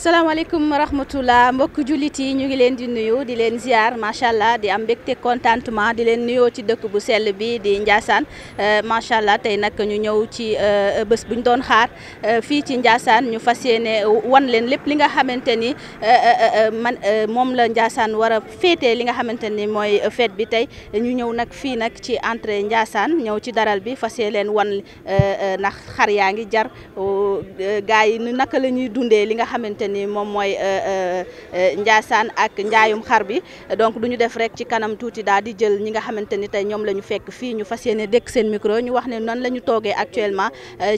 salaamaaleykum rahmatullah mbokk jullit yi ñu ngi leen di nuyu di leen ziar macha allah di am mbégte contentement di leen nuyoo ci dëkk bu sell bi di Ndiassane euh, macha allah tey nag ñu ñëw ci euh, bés bu ñu doon xaar euh, fii ci Ndiassane ñu fas ne wan leen lépp li nga xamante ni man moom la Ndiassane wara féete li nga xamante ni mooy fête bi tey ñu ñëw nag fii nag ci entrée Ndiassane ñëw ci daral bi fas yéene leen wan ndax xar yaa ngi jar gars yi naka la ñuy dundee li nga xamante ni moom mooy euh, euh, euh, Ndiassane ak njaayum xar bi donc du ñu def rek ci kanam tuuti daal di jël ñi nga xamante ni tey ñoom lañu fekk fii ñu fas yéene dëkk seen micro ñu wax ne nan la ñu toogee actuellement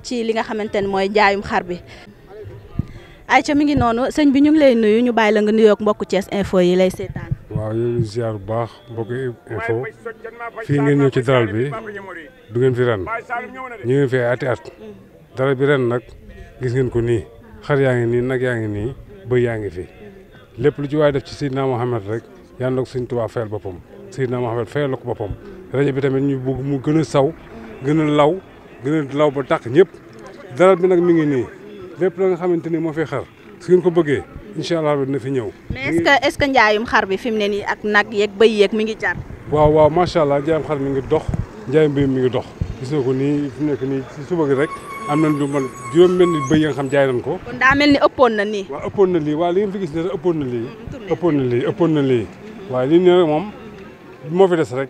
ci li nga xamante ni mooy njaayum xar bi. Aïcha mi ngi noonu sëñ bi ñu ngi lay nuyu ñu bàyyi la nga nuyook mbokku Thiès info yi lay seetaan. waaw ñu ngi ziar bu baax mbokki info fii ngeen ñëw ci daral bi du ngeen fi ren ñu ngeen fi ay ati at mm. daral bi ren nag gis ngeen ko nii. xar yaa ngi nii nag yaa ngi nii bëy yaa ngi fi lépp lu ci waaye def ci Seydina Mohamed rek yàlla na ko Sëñ Tuubaa fayal boppam Seydina Mohamed fayal la ko boppam rajo bi tamit ñu bëgg mu gën a saw gën law gën a law ba tàq ñëpp daral bi nag mi ngi nii lépp la nga xamante ni moo fi xar su ngeen ko bëggee incha allah dina fi ñëw. mais que est ce que xar bi fi mu ne nii ak nag yeeg bëy mi ngi jar. waaw waaw macha allah njaayum xar mi ngi dox njaayum bëy mi ngi dox gis nga ko nii fi nekk nii si suba rek am nañ lu man juróom mel ni bëy yi nga xam jaay nañ ko. kon ni ëppoon na nii. waaw ëppoon na lii waaw li fi gis ne mm, ëppoon na lii. ëppoon na lii ëppoon na lii waaye li ne moom moo fi des rek.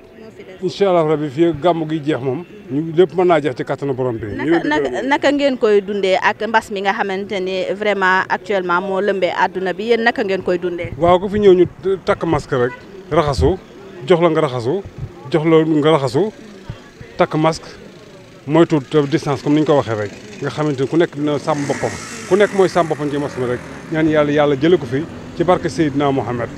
incha allah rabi fii gàmm gi jeex moom. ñu lépp mën naa jeex ci kattanu borom bi. naka naka ngeen koy dundee ak mbas mi nga xamante ne vraiment actuellement moo lëmbee àdduna bi yéen naka ngeen koy dundee. waaw ku fi ñëw ñu takk masque rek. raxasu jox la nga raxasu jox la nga raxasu takk mask moytu distance comme ni ñu ko waxee rek nga xamante ni ku nekk dina sàmm boppam ku nekk mooy sàmm boppam ci mos mi rek ñaan yàlla yàlla jële ko fi ci barke Seydina Mohamed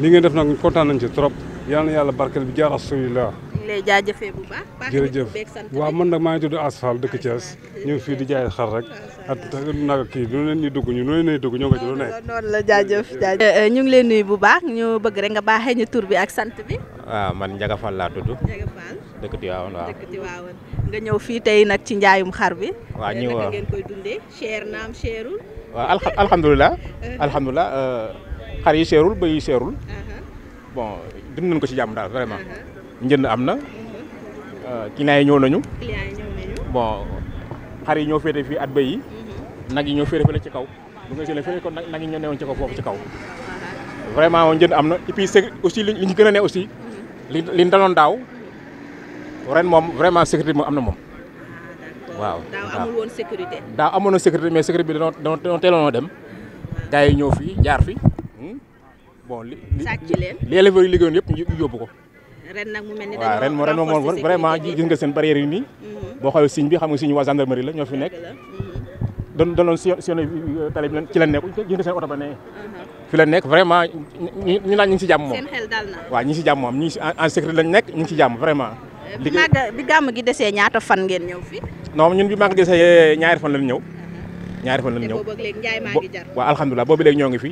li ngeen def nag kontaan nañ ci trop yal na yàlla barkeel bi jaar la ngi lay bu baax. jërëjëf waaw man nag maa ngi tudd Asfal dëkk Thiès ñu fii di jaay xar rek at nag kii lu leen ñuy dugg ñu ñoo nga ci lu ne. noonu euh, euh, ñu ngi leen nuyu bu baax ñu bëgg rek nga baaxee ñu tur bi ak sant bi. waaw ah, man Ndiaga Fall laa tudd. dëkk Tivaouane waaw dëkk nga ñëw fii tey nag ci njaayum xar bi. waa ñu naka ngeen koy dundee cher naam euh, xar yi cherul bëy yi cherul uh-huh. bon du nañ ko ci jàmm daal vraiment uh-huh. njënd am na euh, clients yi ñëw nañu. yi ñëw nañu. bon xar yi ñoo féete fii at bëy yi. Mhm. nag yi ñoo féete fële ci kaw. bu nga gis ne fële kon nag yi ñoo newoon ci kaw foofu ci kaw. Uh-huh. vraiment njënd am na et puis aussi li ñu gën ne aussi. li li ñu mhm. daaw. ren moom vraiment sécurité am na moom. Ah, waaw daaw amul woon amoon na sécurité bi dañoo dañoo teeloon a dem. Uh-huh. gars yi ñëw fii jaar fi. Hmm? bon li li sàcc leen. yëpp ñu yóbbu ko. ren nag waaw ren moom ren moom vraiment gis nga seen barrière yi nii mm-hmm. boo xoolee signe bi xam nga signe waa gendarmerie la ñoo fi nekk don mm-hmm. doon sillonné eh, tali bi ci la nekk gis nga oto ba ne uh-huh. fi la nekk vraiment ñu naan ñu ngi si jàmm moom seen xel waaw ñu si jàmm moom ñu ngi si en secret lañ nekk ñu si jàmm vraiment eh, bi bi gàmm gi desee ñaata fan ngeen ñëw fi no ñun bi màgg desee ñaari fan lañ ñëw uh-huh. ñaari fan lañ ñëw waa alhamdulilah boobu léegi ñoo ngi fi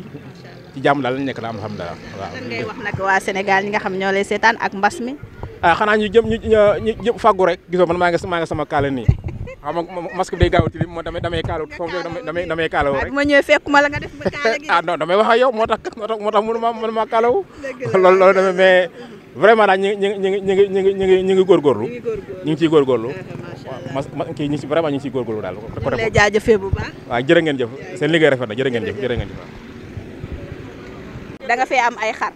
ci jàmm daal lañ nekk daal alhamdulilah waaw. lan ngay wax nag waa Sénégal ñi nga xam ñoo lay seetaan ak mbas mi. ah xanaa ñu jëm ñu ñu jëm fàggu rek gisoo man maa ngi maa ngi sama kaala nii xam nga gaaw a moo damay damay kaala foofu damay damay kaala rek. ma ñëwee fekk ma la nga def ah, moo tax moo tax mënuma mënuma damay mais vraiment daal ñu ngi ñu ngi ñu ngi ñu ngi ñu ngi ñu ngi góorgóorlu. ñu ngi ciy góorgóorlu. mas mas vraiment ñu ngi ciy daal. côté na jërë ngeen jëf jërë jëf da nga fee am ay xar.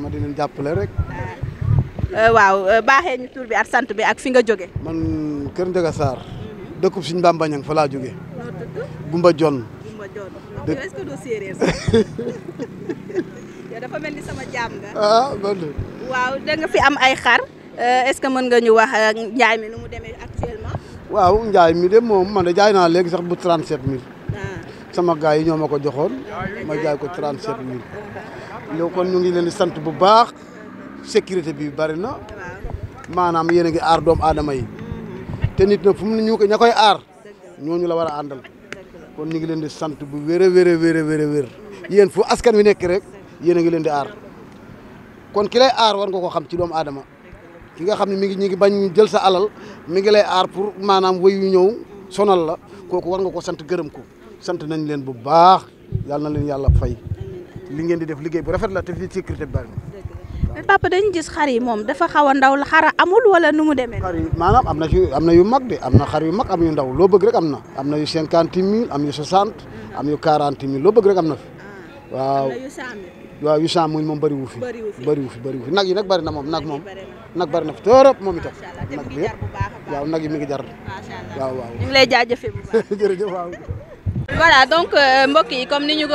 ma di leen jàppale rek. Ah. Euh, waaw euh, baaxee ñu tur bi at sant bi ak fi nga jóge man Kër a Sarr. dëkku suñu Bamba Ñang fa laa jóge Gumba Jon. Gumba Jon dafa mel ni sama jaam nga. Ah, waaw da fi am ay xar euh, est-ce que mën nga ñu wax njaay mi nu mu demee actuellement. waaw njaay mi de moom man de jaay naa léegi sax bu 37000. sama gars yi ñoo ma ko joxoon ma jaay ko 37000 loo kon ñu ngi leen di sant bu baax sécurité bi bari na maanaam yéen a ngi aar doomu aadama yi te nit na fu mu ne ñu ko ña koy aar ñu la war a àndal kon ñu ngi leen di sant bu wér a wér a wér a yéen fu askan wi nekk rek yéen a ngi leen di aar kon ki lay aar war nga ko xam ci doomu aadama ki nga xam ne mi ngi ñu ngi bañ jël sa alal mi ngi lay aar pour maanaam wayu ñëw sonal la kooku war nga ko sant gërëm ko sant nañ leen bu baax yàlla na leen yàlla fay li ngeen di def liggéey bu rafet la te fii sécurité bi bari mais papa dañu gis xar yi moom dafa xaw a ndaw la xara amul wala nu mu demee. xar yi maanaam am na ci am na yu mag de am na xar yu mag am yu ndaw loo bëgg rek am na. am na yu cinquante mille am yu soixante am yu quarante mille loo bëgg rek am na fi. Ah. waaw waaw yu cent mille moom bëriwu fi. bëriwu fi bëriwu fi nag yi nag bëri na moom nag moom. nag bëri na fi torop moom itam. nag bi waaw nag yi mi ngi jar. waaw waaw. ñu voilà donc euh, mbokk yi comme ni ñu ko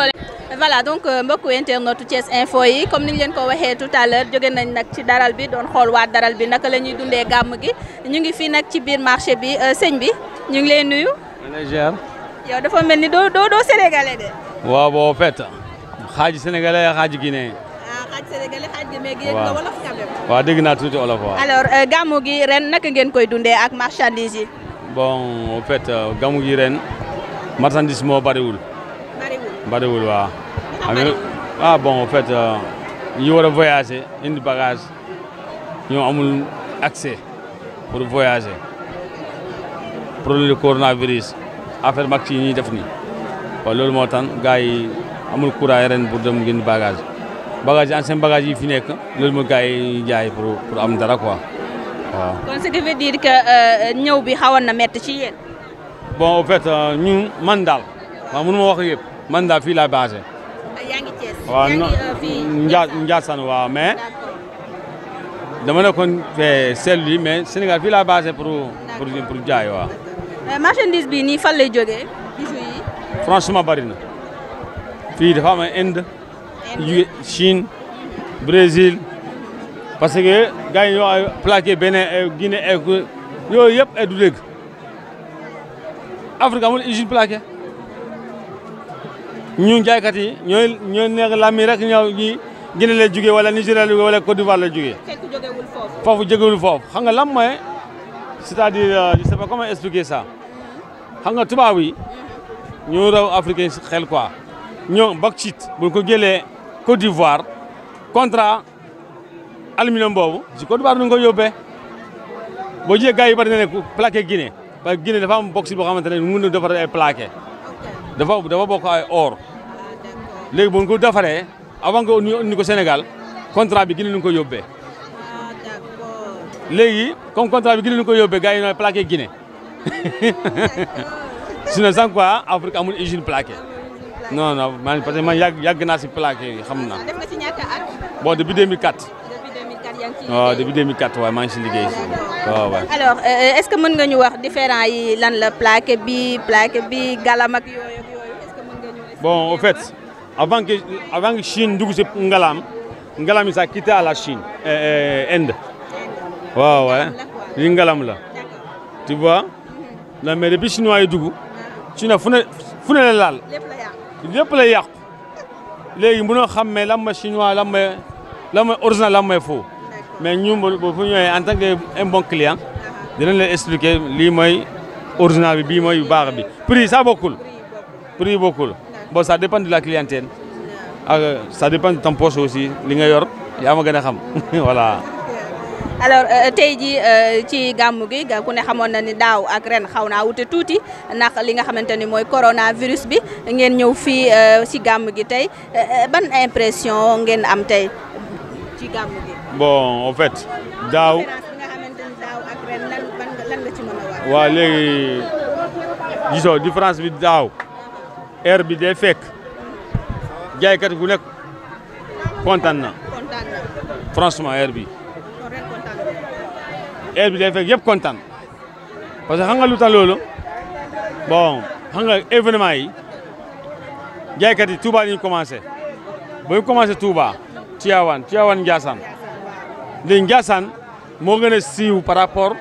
voilà donc euh, mbokku internetu Thiès info yi comme ni ñu leen ko waxee tout à l'heure jóge nañ nag ci daral bi doon xool waa daral bi naka la ñuy dundee gàmm gi ñu ngi fii nag ci biir marché bi euh, sëñ bi ñu ngi lay nuyu. manager. yow dafa mel ni doo doo doo sénégalais de. waaw boo fekk xaaji sénégalais xaaji guinéen. ah xaaji sénégalais xaaji guinéen gi nga wolof quand même. waaw dégg naa tuuti wolof waaw. alors gàmm gi ren naka ngeen koy dundee ak marchandise yi. bon marchandise moo bariwul. bariwul bariwul waaw. ah bon en fait euh, ñu war a indi bagage ñoo amul accès pour voyager problème de coronavirus affaire mag yi ñuy def nii waaw loolu moo tan gars yi amul courage ren pour dem gën bagage bagage ancien bagage yi fi nekk loolu mooy gars yi jaay pour pour am dara quoi waaw. kon bon en fait euh, man daal waaw mënu ma wax man daal fii laa basé. yaa ngi Thiès. waaw non euh, Ndiassane waaw mais. Sénégal fii laa basé jaay waaw. Euh, marchandise bi nii fan lay jógee bijoux yi. franchement bari na fii dafa am Inde. Inde Chine Brésil. parce que gars yi yooyu yëpp du Afrique amul usine plaqué ñun jaaykat yi ñooy ñooy neex lami rek ñoo ñi Guinée la jógee wala Nigeria la jógee wala Côte d'Ivoire la jógee. foofu jógewul foofu xam nga lam mooy c'est-à-dire euh, je sais pas comment expliquer nga tubaab yi ñoo raw africain xel quoi ñoo bauxite bu ko jëlee Côte d'Ivoire contrat aluminium boobu si Côte d'Ivoire nu ñu ko yóbbee boo jiyee gars yi bari na ne plaqué Guinée. waaye Guinée dafa am box boo xamante ne mën na defaree ay plaqué dafa dafa bokk ay or léegi bu ñu ko defaree avant que ñu ko Sénégal contrat bi Guinée la ñu ko yóbbee. léegi bi Guinée la ñu ko yóbbee gars yi ñooy plaqué Guinée sinon sans quoi Afrique amul usine plaqué. non non man parce que man yàgg yàgg naa si plaqué yi xam naa. at. waaw depuis 2004 waaye maa si liggéey si waaw waaw. alors euh, est-ce que mën nga ñu wax différent yi lan la plaqué bi plaqué bi ngalam ak yooyu bon en fait avant que Chine dugg si ngalam ngalam yi ça quitté à la Chine. Euh, euh, Inde. waaw waaw li ngalam la. tu vois. Mhm. non depuis chinois yi dugg. Ah. Chine fu ne la laal. lépp la yàqu. léegi mënoo xam ne lan chinois lan original lan mooy mais ñun bu bu ñëwee en tant que un bon client dinañ leen expliquer lii mooy original bi bii mooy baax bi prix ça bokkul prix bokkul bon sa dépend de la clientèle ak ça dépend de ton aussi li nga yor yaa ma gën a xam voilà. alors euh, tey jii euh, ci gàmmu gi ku ne xamoon na ni daaw ak ren xaw naa wute tuuti ndax li nga xamante ni mooy coronavirus bi ngeen ñëw fii si euh, gàmmu gi tey ban impression ngeen am tey ci gàmmu bon en fait daaw. waaw léegi gisoo différence bi daaw air bi day fekk jaaykat bu nekk kontaan na franchement air bi air bi fekk yëpp kontaan parce que xam nga lu tax loolu bon xam nga événement yi jaaykat yi Touba la ñu commencé ba ñu commencé Touba Tivaouane Tivaouane Ndiassane ne Ndiassane moo siiw par rapport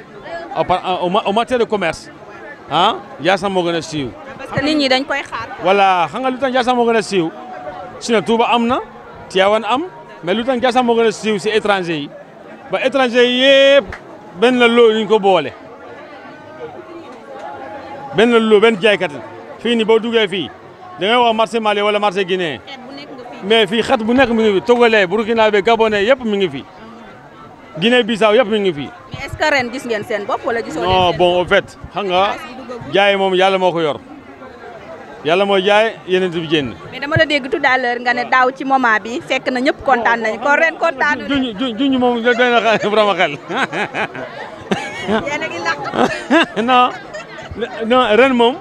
au matière de commerce ah Ndiassane moo siiw. parce que nit ñi dañ koy xaar. voilà xam siiw su ne am na Tivaouane am mais lu tax Ndiassane moo gën si étranger yi ba étranger yi yëpp benn la loo ñu ko boole benn la loo benn jaaykat fii nii boo duggee fii da ngay wax marché Mali wala marché Guinée mais fii xat bu nekk mi ngi fi Togolais Burkinabé Gabonais yëpp mi ngi fi. Guinée Bissau yëpp mi ngi fi. mais est-ce que gis ngeen seen bopp wala gisoo leen bon en fait xam moom yàlla moo ko yor yàlla mooy jaay yeneen bi jënd. mais dama la dégg tout à l'heure nga ne daaw ci moment bi fekk na ñëpp kontaan nañu ko ren kontaan. juñ juñ juñ moom doy na vraiment xel. yéen a ngi lakk. non moom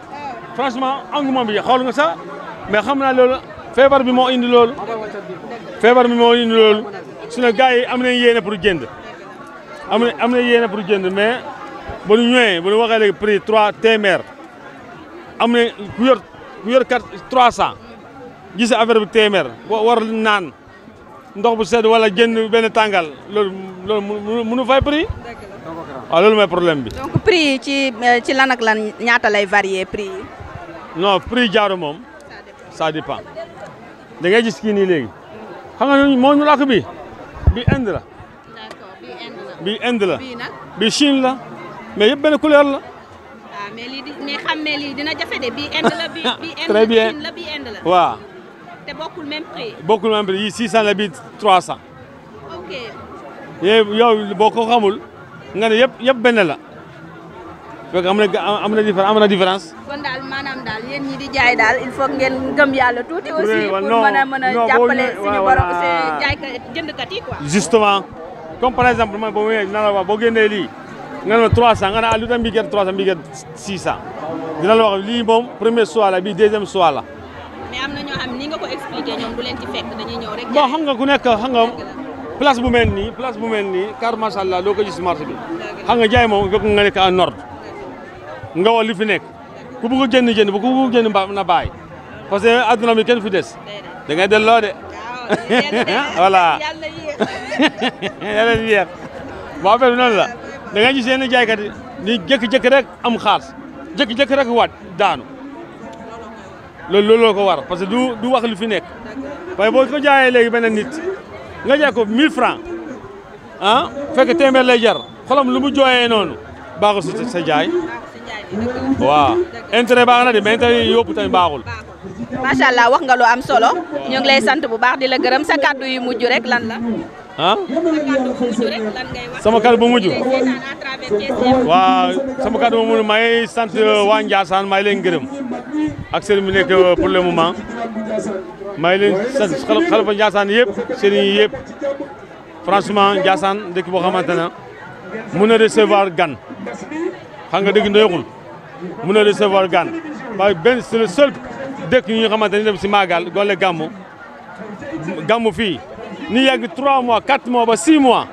franchement engouement bi xool nga sa mais xam naa loolu feebar bi moo indi loolu. feebar bi moo indi loolu. sinon gars yi am na yéene pour jënd am na am nañ yéene pour jënd mais ba ñu ñëwee ba ñu waxee léegi prix trois téeméer am na ku yor ku yor quatre trois cent gis affaire bi téeméer boo war naan ndox bu sedd wala jënd benn tàngal loolu loolu mënu fay prix. waaw loolu mooy problème bi. donc prix ci euh, ci lan ak lan ñaata lay varier prix no non prix jaaru moom. ça dépend da ngay gis kii nii léegi. xam nga moom ñu làkk bi. bi Inde la. d'accord bi Inde la. bi Inde la bi nag. bi Chine la ah, xam ne lii dina bi Inde la bi bi te bokkul même bokkul même prix yi 600 la bi 300. ok. yow boo xamul nga ne yëpp yëpp benn la. fekk am na am différence am na différence. kon daal maanaam daal yéen ñi di jaay daal il faut ngeen gëm tuuti. aussi pour mën a justement comme par exemple man boo ñëwee dina la boo génnee lii nga ne 300 nga ne ah lu tax mbii gën 300 mbii gën 600 dina la wax lii moom bii deuxième choix la. mais am na ñoo xam ni nga ko expliqué ñoom du leen ci fekk dañuy ñëw rek. bon xam nga ku nekk xam nga place bu mel nii place bu mel nii car macha allah doo ko gis nga jaay moom fekk nga nekk en nga woo li fi nekk ku bëgg jënd jënd bu ku bëgg jënd na bàyyi parce que adduna bi kenn fi des da ngay delloo de voilà yàlla na yéex bu noonu la da ngay gis yenn jaaykat yi ni jëkk-jëkk rek am xaalis jëkk-jëkk rek waat daanu loolu loolu ko war parce que du du wax li fi nekk waaye boo ko jaayee léegi benn nit nga jaay ko 1000 francs ah fekk téeméer lay jar lu mu jooyee noonu baaxul si sa jaay waaw intérêt baax na de mais intérêt yi yóbbu baaxul. macha allah wax nga am solo ñu ngi sant bu baax di la gërëm sa kàddu yu mujj rek lan la. ah. sama kàddu bu mujj. waaw sama bu mujj maa ngi sant euh, waa Ndiassane maa ngi leen gërëm ak seen mu nekk euh, pour le moment maa ngi leen sant xalifa Ndiassane yëpp seen yi yëpp franchement Ndiassane boo xamante ne recevoir gan. xam nga dëkk ndoyxul mën a recevoir gan waaye benn c'est le seul dëkk yi nga xamante ne dem si Magal doole gàmmu gàmmu fii ni yàgg 3 mois 4 mois ba 6 mois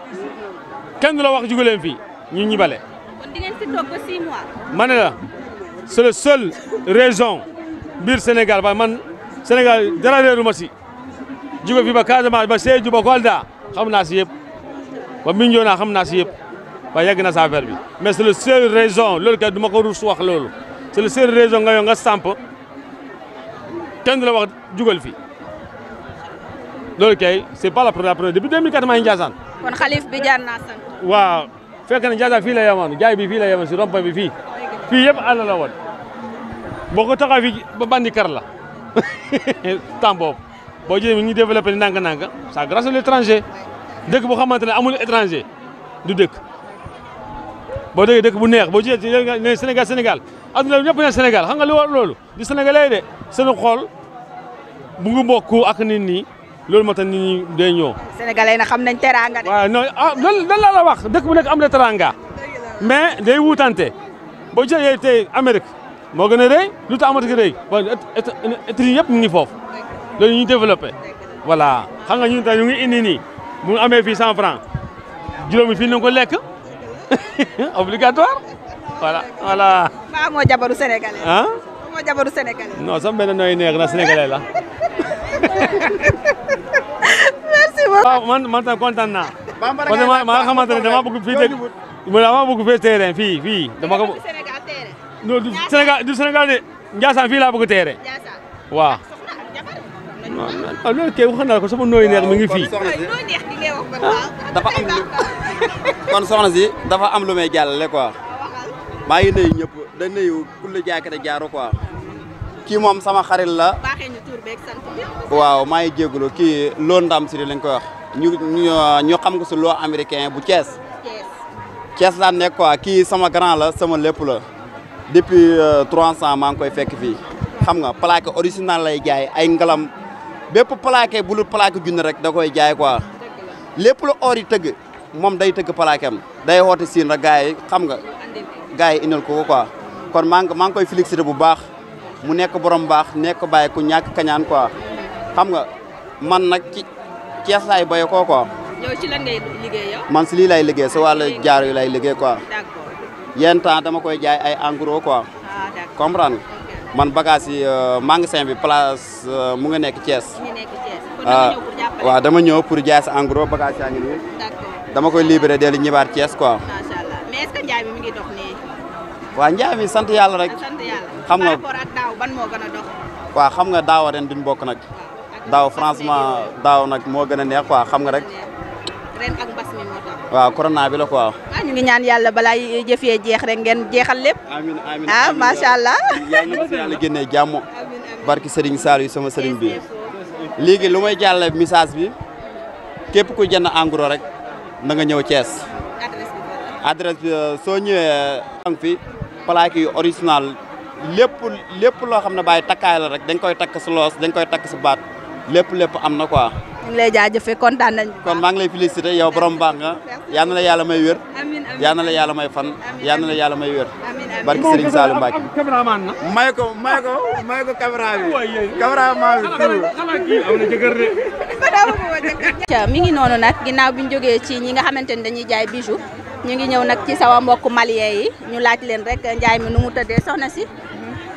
kenn du la wax jugu leen fii ñu ñibale. kon di ngeen si toog ba 6 mois. ma ne la c'est le seul région biir Sénégal waaye man Sénégal dara réeru ma si jugu fi ba Casamance ba Sédhiou ba Kolda xam naa si yëpp ba Bignona xam naa si yëpp. waaye yàgg na sa bi mais c'est le seul raison loolu kay du ma ko rus loolu c'est le seul raison nga yow nga samp kenn du la wax jugal fi loolu kay c'est pas la première depuis 2004 maa ngi Ndiassane. kon xalif bi jaar naa sant. waaw fekk na Ndiassane fii la yemoon jaay bi fii la yemoon si rond bi fii fii yëpp àll la woon boo ko taxaw fii ba bandi kar la temps boobu boo jëlee ñu développé ndànk-ndànk ça grâce à dëkk boo xamante ne amul étranger du dëkk. boo déggee dëkk bu neex boo gisee ne Sénégal Sénégal adduna bi ñëpp ne Sénégal xam nga lu war loolu di Sénégalais de seen xol bu ngi bokk ak nit ñi loolu moo tax nit ñi day ñëw. Sénégalais xam nañ teraanga de. waaw non ah, lan lan la wax dëkk bu nekk am na teranga mais day wuutante boo gisee tey Amérique moo gën a rëy lu tax Amérique rëy bon états yëpp ñu ngi foofu loolu ñuy développé voilà xam nga ñun tam ñu ngi indi nii mu amee fii 100 francs juróomi fii nañ ko lekk. obligatoire voilà voilà. maa moo moo jabaru sénégalais. non sama benn nooy neex na sénégalais la. merci beaucoup. waaw man man tam maa xamante ne dama bëgg fii dégg. dama bëgg fii terrain fii fii dama ko. Sénégal terrain. non du Sénégal du Sénégal de Ndiassane Ah, waaw sama nooy neex mi ngi fi ah, dafa am kon soxna si dafa am lu may jàllale quoi. maa ngi nuyu ñëpp da nuyu kulli jaakate jaaru quoi. kii moom sama xarit la. waaw maa ngi jégalu kii loo ndam si lañ koy wax. ñu ñu xam nga si loo américain bu cees cees laa nekk quoi kii sama grand la sama lépp la. depuis 300 euh, maa ngi koy fekk fii. xam nga plaque original lay jaay ay ngalam. bépp plaqué bu lu plaqué junni rek da koy jaay quoi lépp lu or yi tëgg moom day tëgg plaqué am day woote siin rek gars yi xam nga gars yi indil ko quoi kon maa ngi maa ngi koy félicité bu baax mu nekk borom baax nekk bàyyi ku ñàkk kañaan quoi xam nga man nag ci Cees laay béyee koo quoi. yow ci lan ngay liggéey man si lii lay liggéey sa jaar yu lay liggéey quoi. d'accord temps dama koy jaay ay engrais quoi. Ah, comprendre man bagage yi euh, magasin bi place euh, mu nga nekk Thiès. Ah, waaw dama ñëw pour jaay sa en gros bagage yaa ngi dama koy libere dellu ñibaar Thiès quoi. macha allah waa njaay mi sant yàlla rek. Ah, xam nga par xam nga daaw ren duñ bokk nag. Ah, daaw franchement daaw nag moo gën a neex quoi xam nga rek. ren ak mbas waaw corona bi la ñu ngi ñaan yàlla balaa jëf yee jeex rek ngeen jeexal lépp. amiin ah macha allah. yaa ngi fi yàlla génnee jàmm. barki sama Serigne bi. léegi lu may jàll missage bi képp ku jënd engrais rek na nga ñëw cees adresse bi euh, soo ñëwee. am fi plaque yu original lépp lépp loo xam ne baay takkaay rek dañ koy takk si loos dañ koy takk si baat. lépp lépp am na quoi. ñu ngi lay jaajëfee kontaan nañu. kon maa ngi lay féliciter yow borom baax nga yal na la yàlla may wér. amiin amiin yal na la yàlla may fan. yal na la yàlla may wér. barki Serigne Saliou Mbacke. may ko may ko may ko caméra bi caméra maa bi mi ngi noonu nag ginnaaw bi ñu jógee ci ñi nga xamante ni dañuy jaay bijoux ñu ngi ñëw nag ci sawa mbokk malien yi ñu laaj leen rek njaay mi nu mu tëddee soxna si.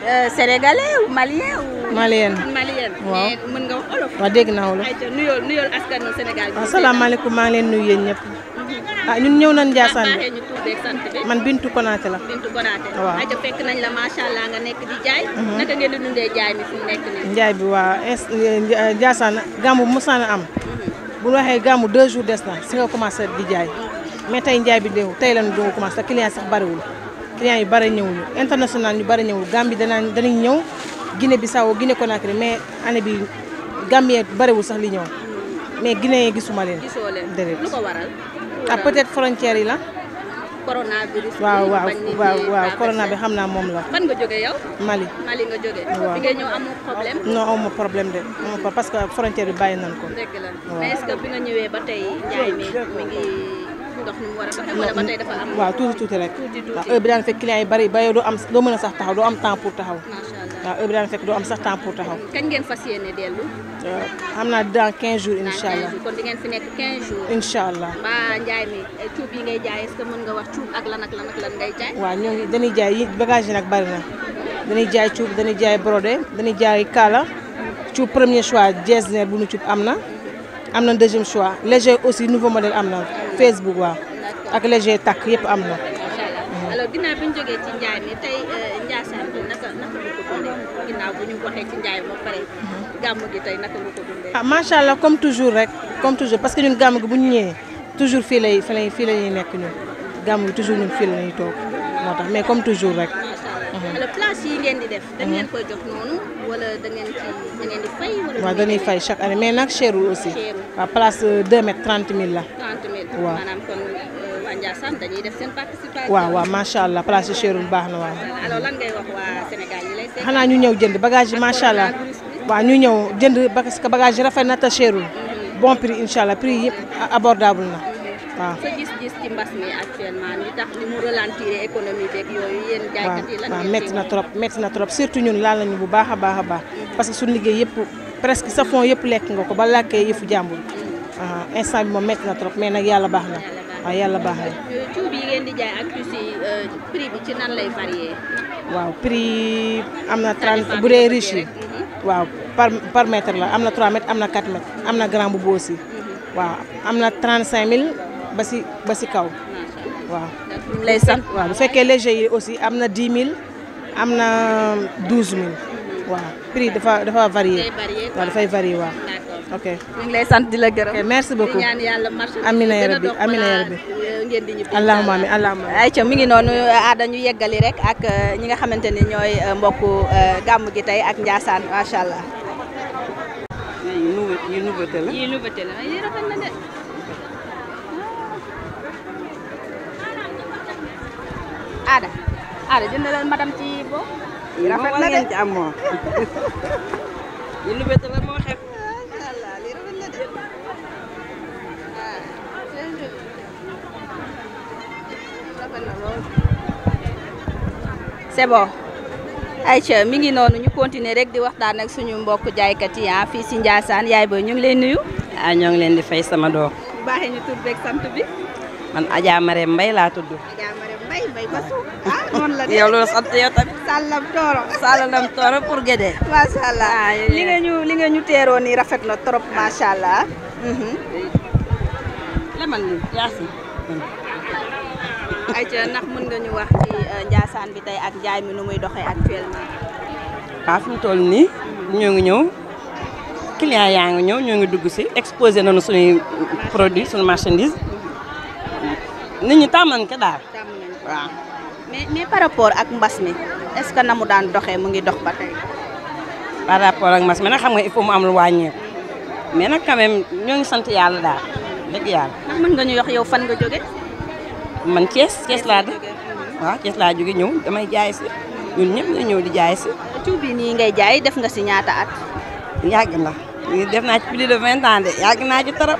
Euh, sénégalais ou malien ou. malienne malienne. waaw mais mën nga wax olof. waaw dégg naa olof. ayca nuyool nuyool askanu Sénégal. waaw ah, salaamaaleykum maa leen nuyu yéen ñëpp. Mhm. ah ñun ñëw nañ Ndiassane man Bintu Konaté la. Bintu Konaté waaw ayca nañ la macha nga nekk di mhm. mi fu nekk nii. njaay bi waa euh, ins euh, Ndiassane gàmmu bu mosaan a am. Mhm. bu ñu waxee gàmmu deux jours des na si nga commencé di jaay. Oh. mais tey njaay bi déw tey lañu doon commencé client sax bariwul clients yu bëri ñëwuñu international yu bëri ñëwul Gambie danaan danañ ñëw Guinée Bissau Guinée Conakry mais année bi Gambie bëriwul sax li ñëw mais Guinée yi leen. gisoo leen lu ko waral. ah peut-être yi la. coronavirus waaw waaw waaw waaw corona bi xam naa moom la. fan nga jógee yow. Mali Mali nga jógee. waaw bi nga ñëw amoo problème. de. parce que frontière bi bàyyi nañ ko. dox a waaw tuuti tuuti rek. tuuti tuuti waaw heure daan fekk client yi bari ba yow doo am mën a sax taxaw doo am temps pour taxaw. macha allah waaw heure bi daan fekk doo am sax temps pour taxaw. kañ ngeen fas yéene dellu. am naa dans quinze jours incha allah kon incha allah ba ak lan ak lan ak ñoo ngi dañuy jaay yi bagage nag bari na dañuy jaay cuub dañuy jaay brodé dañuy jaay kaala cuub premier choix designer bu nu cuub am na am na deuxième choix léger aussi nouveau modèle am na Facebook waaw ak léger takk yëpp am na. alors ginnaaw bi ñu jógee ci njaay mi tey euh, njaasaan bi naka naka nga ko dundee ginnaaw bu ñu waxee ci njaay ba pare. Mhm. gàmm gi tey naka nga ko dundee. ah macha allah comme toujours rek comme toujours parce que ñun gàmm gi bu ñu ñëwee toujours fii lay fii lay fii la ñuy nekk ñun gàmm gi toujours ñun fii la ñuy toog moo tax mais comme toujours rek. wala place yi ngeen di def. dañ mhm. leen koy jox noonu wala da di fay. waaw dañuy fay chaque année mais nag cherul aussi. waaw place 2 euh, mètres trent mille la. 30 000 waaw maanaam kon euh, waa Ndiassane dañuy waaw waaw allah place yi cherul baax na waaw. xanaa ñu ñëw jënd bagage yi macha allah. waaw ñu ñëw jënd parce que bagage yi rafet na te cherul. Mhm. bon prix incha allah pris yëpp abordable na mhm. ci mbas mi actuellement li tax li mu ralentir économie beeg yooyu yéen jaaykat yi lan waaw métti na trop métti na trop surtout ñun laal nañu bu baax a baax a baax parce que suñu liggéey yëpp presque sa fond yëpp lekk nga ko ba làkkee yëfu jàmbur ah, instant bi moom métti na trop mais nag yàlla baax na waaw yàlla baax na ah, euh, cuub yi ngeen di jaay ak tuuti euh, prix bi ci nan lay varié waaw prix am na 30 bu dee riche yi mhm. waaw par par mètre la am na 3 mètres am na 4 mètres am na grand bu boosi mhm. waaw am na 35 000 ba si ba si kaw waaw sant waaw bu fekkee léger yi aussi am na dix mille am na douze mille mm-hmm. waaw prix dafa dafa varié waaw dafay varié waaw ok sant di la gërëm merci beaucoup ñaan yàlla marché amina ya rabbi amina ya rabbi ngeen di ñibbi allahumma amin allahumma mi ngi noonu aada ñu yeggali rek ak euh, ñi nga xamante ni ñooy euh, mbokk euh, gàmm gi tey ak Njaasaan macha allah. Ada Ada jëndalal madame ci ci am moom. li bett la mi ngi noonu ñu continuer rek di waxtaan ak suñu mbokk jaaykat yi ah, fii si Ndiassane yaay booy ñu ngi lay nuyu. ah ñoo ngi leen di fay sama doom. bu baaxee ñu tur beeg sant bi. man Adja Marème Mbaye laa tudd. rey mbay ba suuf ah noonu la de. yow loolu sant yow tamit. pour Guédé. macha allah ah, li nga ñu li nga ñu teeroo nii rafet na trop macha allah. Mhm. lemal ni Yacine. ayca ndax mën nga ñu wax ci euh, Ndiassane bi tey ak njaay mi nu muy doxee actuellement. waaw fi mu toll nii ñoo ngi ñëw. client yaa ngi ñëw ñoo ngi dugg si exposé nañu suñuy produit suñu marchandise mhm. nit ñi tàmman ko daal waaw mais par rapport ak mbas mi est-ce que na mu daan doxee mu ngi dox ba tey. par rapport ak mbas mi na xam nga il faut mu am lu wàññeeku mais nag quand même ñoo ngi sant yàlla daal dëgg yàlla. ndax mën nga ñu wax yow fan nga jóge man Thiès Thiès laa de waaw Thiès laa jóge ñëw damay jaay si ñun ñëpp ñëw di jaay si. cuub bi nii ngay jaay def nga si ñaata at. yàgg na. def naa ci plus de vingt ans de yàgg naa ci trop.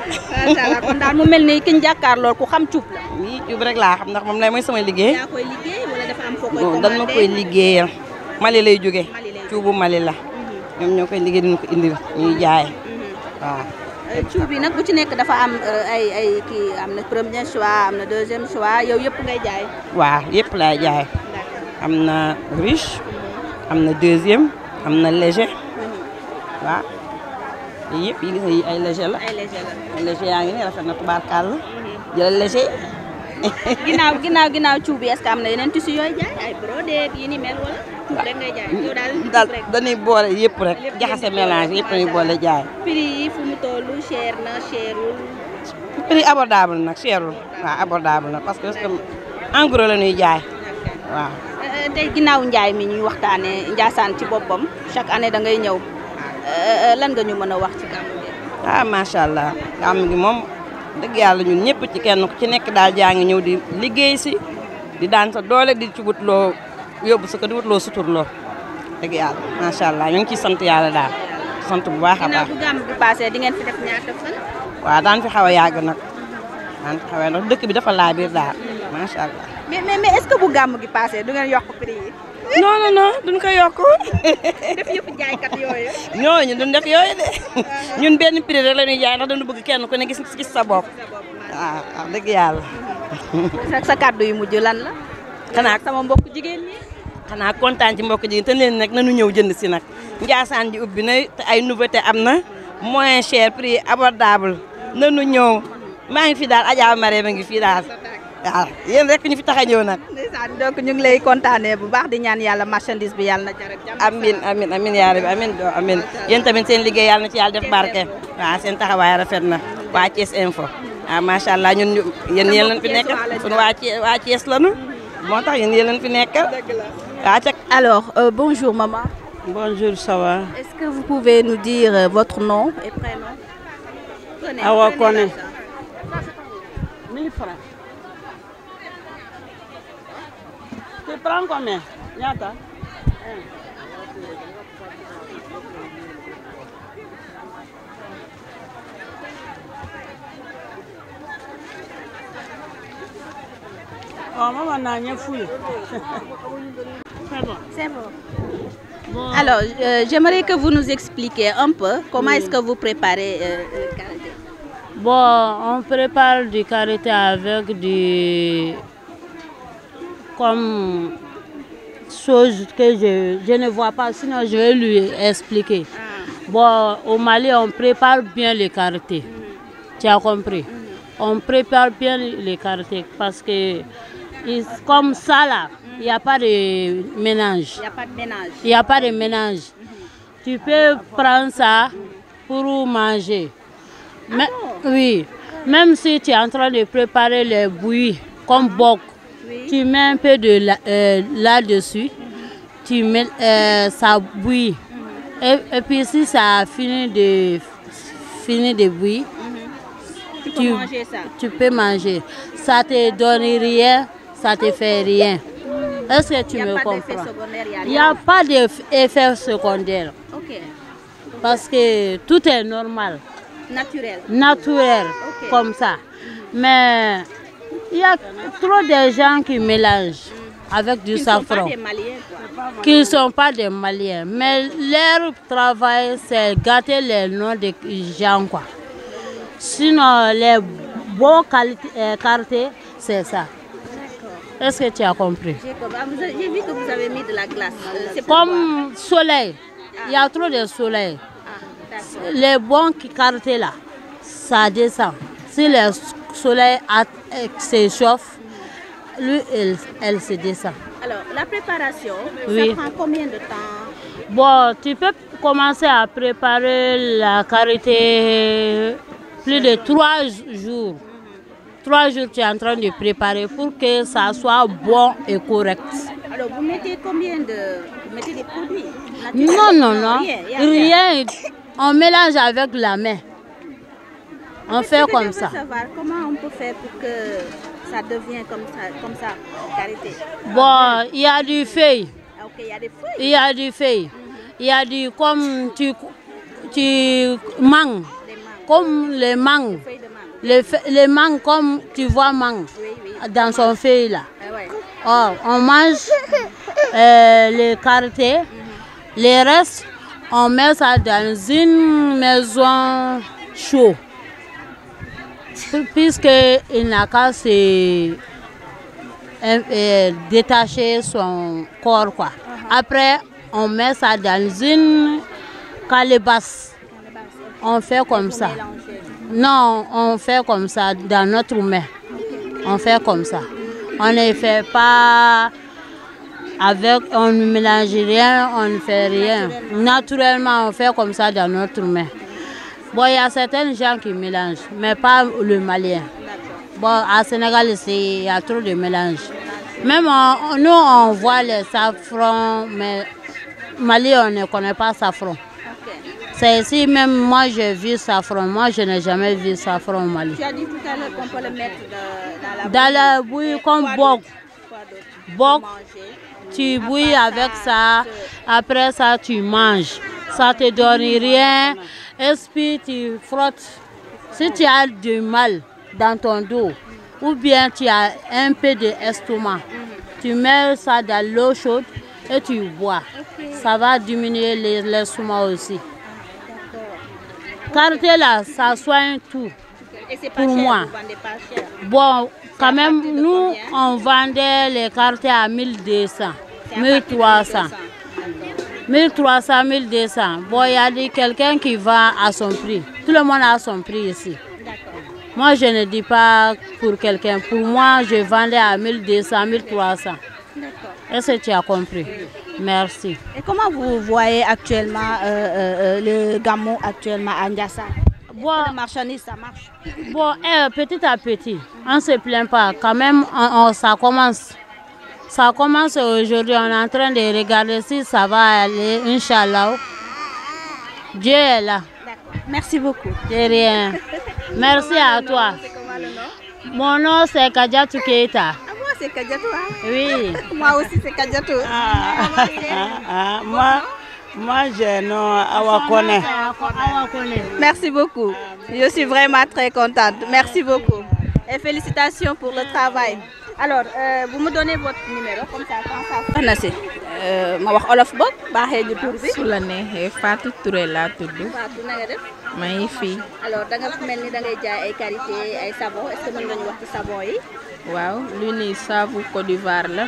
macha mu mel ni ki ñu jàkkaarloo ku xam cuub la. nii cuub rek laa xam ndax moom lay mooy sama liggéey. yaa ma koy liggéeyal Mali lay jóge bu Mali la. Mhm. ñoom ñoo koy liggéey dinañ ko indil ñuy jaay mhm. waaw. Euh, cuub yi nag bu ci nekk dafa am euh, ay ay am na premier choix am na deuxième choix yow yëpp ngay jaay. waaw yëpp laay jaay. am na riche. na deuxième. am na léger mhm. waaw. yii yëpp yi gis nga yi ay léger la. ay léger ay léger yaa ngi nii rafet na tubaarkaal la. jëlal léger. ginnaaw ginnaaw ginnaaw que am na yeneen tissu si jaay ay brodé yi ni mel wala. cuub rek jaay yow daal boole yëpp rek. jaxase mélange yëpp dañuy boole jaay. prix yi mu toll cher na cherul. prix abordable nag cherul waaw abordable na parce que en la ñuy jaay waaw. Euh, euh, tey ginnaaw njaay mi ñuy waxtaanee Ndiassane ci boppam chaque année da ngay ñëw. Euh, lan nga ñu mën a wax ci gàmmu gi. Ah, macha allah gàmmu moom dëgg yàlla ñun ñëpp ci kenn ku ci nekk daal jaa ngi ñëw di liggéey si di daan sa doole di ci wut loo yóbbu sa ko di wut loo sutur loo dëgg yàlla macha allah ñu ngi ciy sant yàlla daal sant bu baax a baax. bu gàmmu gi paasee di ngeen fi def ñaata fan. waaw daan fi xaw a yàgg nag daan fi xaw a yàgg nag dëkk bi dafa laa biir daal macha allah. mais mais est que bu gàmmu gi paasee du ngeen yokk prix yi. non non non duñ ko yokk. def yëpp jaaykat yooyu. ñun def yooyu de. ñun benn prix rek la ñuy jaay ndax dañu bëgg kenn ku ne gis gis sa bopp. waaw ah, ah, yàlla. sa kàddu yi mujj lan la. xanaa sama mbokk jigéen ñi. xanaa kontaan ci mbokk jigéen te leen nag nanu ñëw jënd si nag. Njaasaan ji ubbi na ay nouveauté am na. moins cher prix abordable nanu ñëw maa ngi fi daal Adja Marème ngi fii daal. waaw yéen rek ñu fi tax a ñëw nag. ñu ngi lay kontaanee bu baax di ñaan yàlla marchandise bi yàlla na jar ak jàmm. amiin yéen tamit seen na ci yàlla def barke. waaw seen taxawaay rafet na waa Thiès Info. ah macha allah ñun ñu yéen yéen lañ fi nekkal sunu waa Thiès waa moo tax yéen yéen fi nekkal. waa ca. alors euh, bonjour maman. bonjour ça va. est-ce que vous pouvez 30 eh. Alors, euh, j'aimerais que vous nous expliquiez un peu comment est-ce que vous préparez euh, Bon, on prépare du karité avec du comme chose que je, je ne vois pas, sinon je vais lui expliquer. Ah. Bon, au Mali, on prépare bien les karatés. Mm. Tu as compris mm. On prépare bien les karatés parce que comme ça, là, mm. il n'y a pas de ménage. Mm-hmm. Tu peux ah, prendre ça pour manger. Ah même si tu es en train de préparer les bouillies comme boc, oui. tu mets un peu de la, euh, là-dessus, tu mets euh, ça bouille. puis si ça fini de, fini mm-hmm. tu, tu, manger ça. te donne rien, ça te fait rien. Est-ce que tu me comprends? Il a pas d'effet secondaire. Parce que tout est normal. Naturel. comme ça. Mais Il y a trop de gens qui mélangent avec du safran. Qui sont pas des Maliens. Mais leur travail, c'est gâter les noms des gens. Quoi. Sinon, les bons euh, quartiers, c'est ça. Est-ce que tu as compris ah, euh, Comme soleil. Ah. y a trop de soleil. Ah, les bons quartiers là, ça descend. Si le soleil s'échauffe. Lui, elle, elle se descend. Alors, la préparation, oui. ça prend combien de temps Bon, tu peux commencer à préparer la karité plus de trois jours. Trois jours, tu es en train de préparer pour que ça soit bon et correct. Alors, vous mettez combien de... Vous mettez des produits naturels? Non, non, non. Rien, rien. rien. On mélange avec la main. on fait comme ça. savoir comment on peut faire pour que ça Bon, il a du feuille. Ah, a des feuilles. Il mhm. a du comme tu tu Comme les mangues. Les, mangues comme tu vois mangue dans son feuille là. Ah, oh, on mange euh, les mhm. on met ça dans une maison chaude. Puisqu'il n'a qu'à se euh, euh, détacher son corps. Quoi. Uh-huh. Après, on met ça dans une calebasse. On fait comme ça. Non, on fait comme ça dans notre main. On fait comme ça. On ne fait pas avec, on ne mélange on ne fait Naturellement, on fait comme ça dans notre main. Bon, il y a certains gens qui mélangent, mais pas le malien. Bon, à Sénégal, il y a trop de mélange. Même on, nous, on voit le safran, mais Mali, on ne connaît pas safran. C'est ici même, moi, j'ai vu safran. Moi, je n'ai jamais vu safran au Mali. le bouille. comme boc. Boc, tu bouilles avec ça. Après ça, tu manges. ça te donne rien. Esprit, tu frottes. Si tu as du mal dans ton dos, ou bien tu as un peu d'estomac, tu mets ça dans l'eau chaude et tu bois. Ça va diminuer l'estomac aussi. Carter là, ça soigne tout. pour moi. Bon, quand même, on vendait les cartes à 1200, 1300. 1300, 1200. Bon, il y a dit quelqu'un qui vend à son prix. Tout le monde a son prix ici. Moi, je ne dis pas pour quelqu'un. Pour moi, je vendais à 1200, 1300. Est-ce que tu as compris Merci. Et comment vous voyez actuellement euh, euh, euh, le gamo actuellement à Ndiassa Bon, le marchandise, ça eh, petit à petit, on se plaint pas. Quand même, on, on, ça commence. Ça commence aujourd'hui, on est de regarder si ça aller, Inch'Allah. Dieu est Merci beaucoup. De rien. Merci à toi. Mon nom c'est Kadiatou Keita. Ah, moi c'est Kadiatou. Hein? moi aussi c'est ah, ah, ah, Merci beaucoup. Je suis vraiment très contente. Merci beaucoup. Et félicitations pour le travail. alors euh, bu ma donnee votre numéro comme ça quand ça. soxna si euh, ma wax olof boog baaxee ñu bi. su la neexee Fatou Touré laa tudd. Fatou ngi fii. alors da mel ni da jaay ay karité ay savon est-ce nga ñu wax ci savon yi. waaw lu ni saabu Côte d'Ivoire la.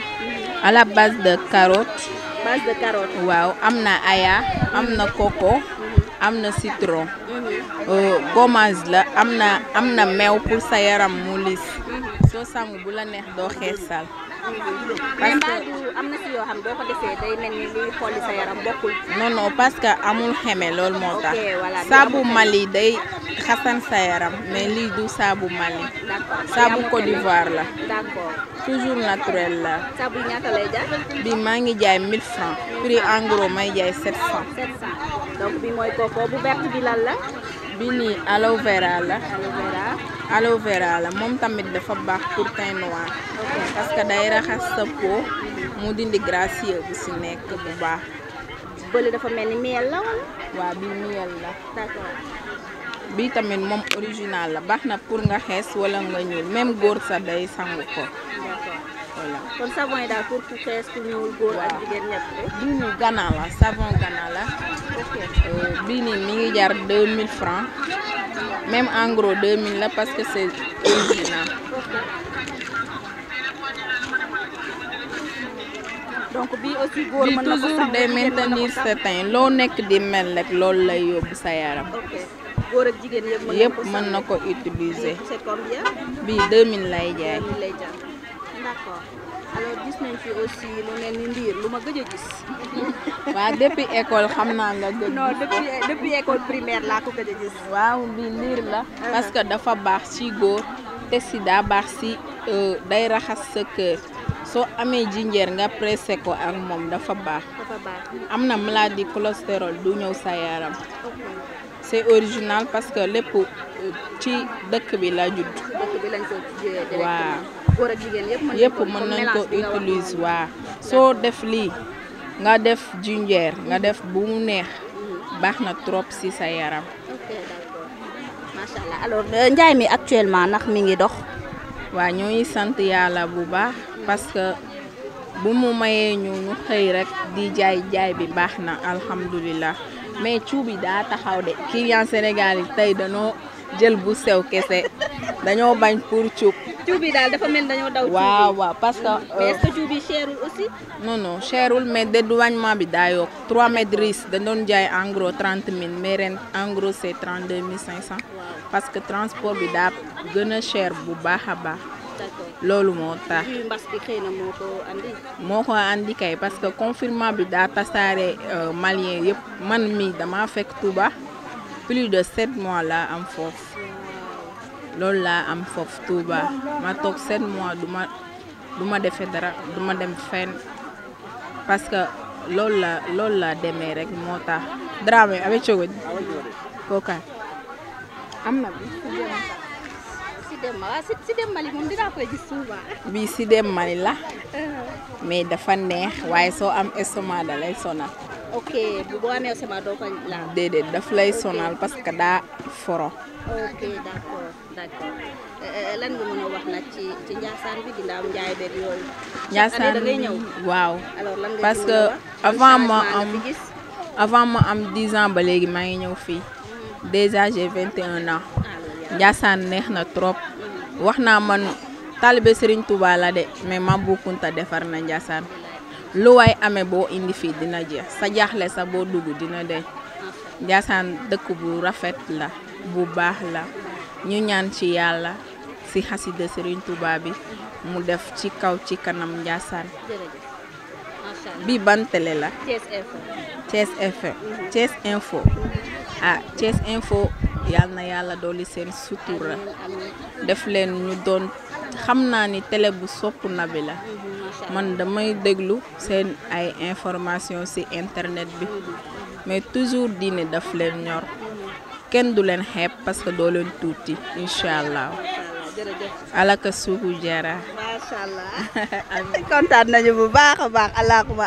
à la base de carotte. base de carotte. waaw am na aya. am na coco. Mhm. am na citron. Mhm. Euh, gommage la am na am na meew pour sa yaram mu lis. soo sangu bula la neex doo xeesal. parce que am amul xeme loolu moo tax. saabu Mali day xasan sa yaram mais du saabu Mali. saabu Côte d'Ivoire la. d'accord toujours naturel la. bi maa ngi jaay 1000 francs prix en may jaay 700. 700 bi mooy kooku la. aloe vera la moom tamit dafa baax pour teint noir parce que day raxas sa peau mu dindi gracieux bu ci nekk bu baax. bële dafa mel ni miel la wala. waaw bi la. bi tamit moom original la baax na pour nga xees wala nga ñuul même góor sa day sangu ko. voilà kon savon yi daal pour ku xees ku ñuul góor ak la euh, mi ngi jar 2000 francs même en gros 2000 la parce que c'est original mën na ko loo nekk di mel nag loolu lay yóbbu sa yaram. góor jigéen yëpp mën na ko utiliser. c'est combien. bii 2000 lay jaay. d'accord alors gis lu mel lu ma gëj a xam naa nga gëj. non depuis gis. waaw bi ndiir la. Uh-huh. parce que dafa baax ci góor te si daa baax si euh, day raxas sa kër soo amee jinjeer nga pressé ko ak moom dafa baax. am na maladie cholestérol du ñëw sa yaram. c'est original parce que lépp euh, ci dëkk bi la judd. waa bi lañ mën yëpp mën nañ ko utilise waaw soo def lii nga def jinjeer nga def bu mu neex mhm. baax na trop ci sa yaram. ok euh, njaay mi actuellement ndax mi ngi dox. waa ñoo sant yàlla bu baax parce que bu mu mayee ñu ñu xëy rek di jaay jaay bi baax na alhamdulilah. mais cuubi daa taxaw de client Sénégal yi tey dañoo jël bu sew kese dañoo bañ pour cuub. cuubi daal dafa mel dañoo daw. waaw waaw parce que. mais est-ce que cuubi euh, cherul aussi. non non cherul mais dédouanement bi daa yokk 3 mètres riz dañ doon jaay en gros 30 mais ren en gros c'est 32 500. waaw parce que transport bi daa gën a cher bu baax a baax. loolu moo tax mbas bi na moo ko andi. moo ko parce que confinement bi daa tasaare euh, malien yëpp man mi dama fekk Touba plus de sept mois laa am foofu loolu laa am foofu Touba ma toog sept mois du ma du ma defee dara du ma dem fenn parce que loolu la loolu la demee rek moo tax. Dramé avec Coga na bii si dem Mali la mais dafa neex waaye soo am estomac da sonal. ok bu daf lay sonal parce que daa foro. ok d'accord eh, eh, que avant ma am avant ma am 10 ans ba léegi maa ngi ñëw fii hmm. déjà j'ai 21 ans. Ah, Ndiassane neex na trop wax naa man taalibe Serigne Touba la de mais Mame Bou Kounta defar na Ndiassane lu waay amee boo indi fii dina jeex sa jaaxle sa boo dugg dina dey Ndiassane dëkk bu rafet la bu baax la ñu ñaan ci yàlla ci xasida Serigne Touba bi mu def ci kaw ci kanam Ndiassane bi ban la Thiès Info Thiès Info ah, yal na yàlla dolli seen sutura def leen ñu doon xam naa ni télé bu sopp bi la man damay déglu seen ay information ci internet bi mais toujours di diine daf leen ñor kenn du leen xeeb parce que doo leen tuuti incha allah alaka suuku jara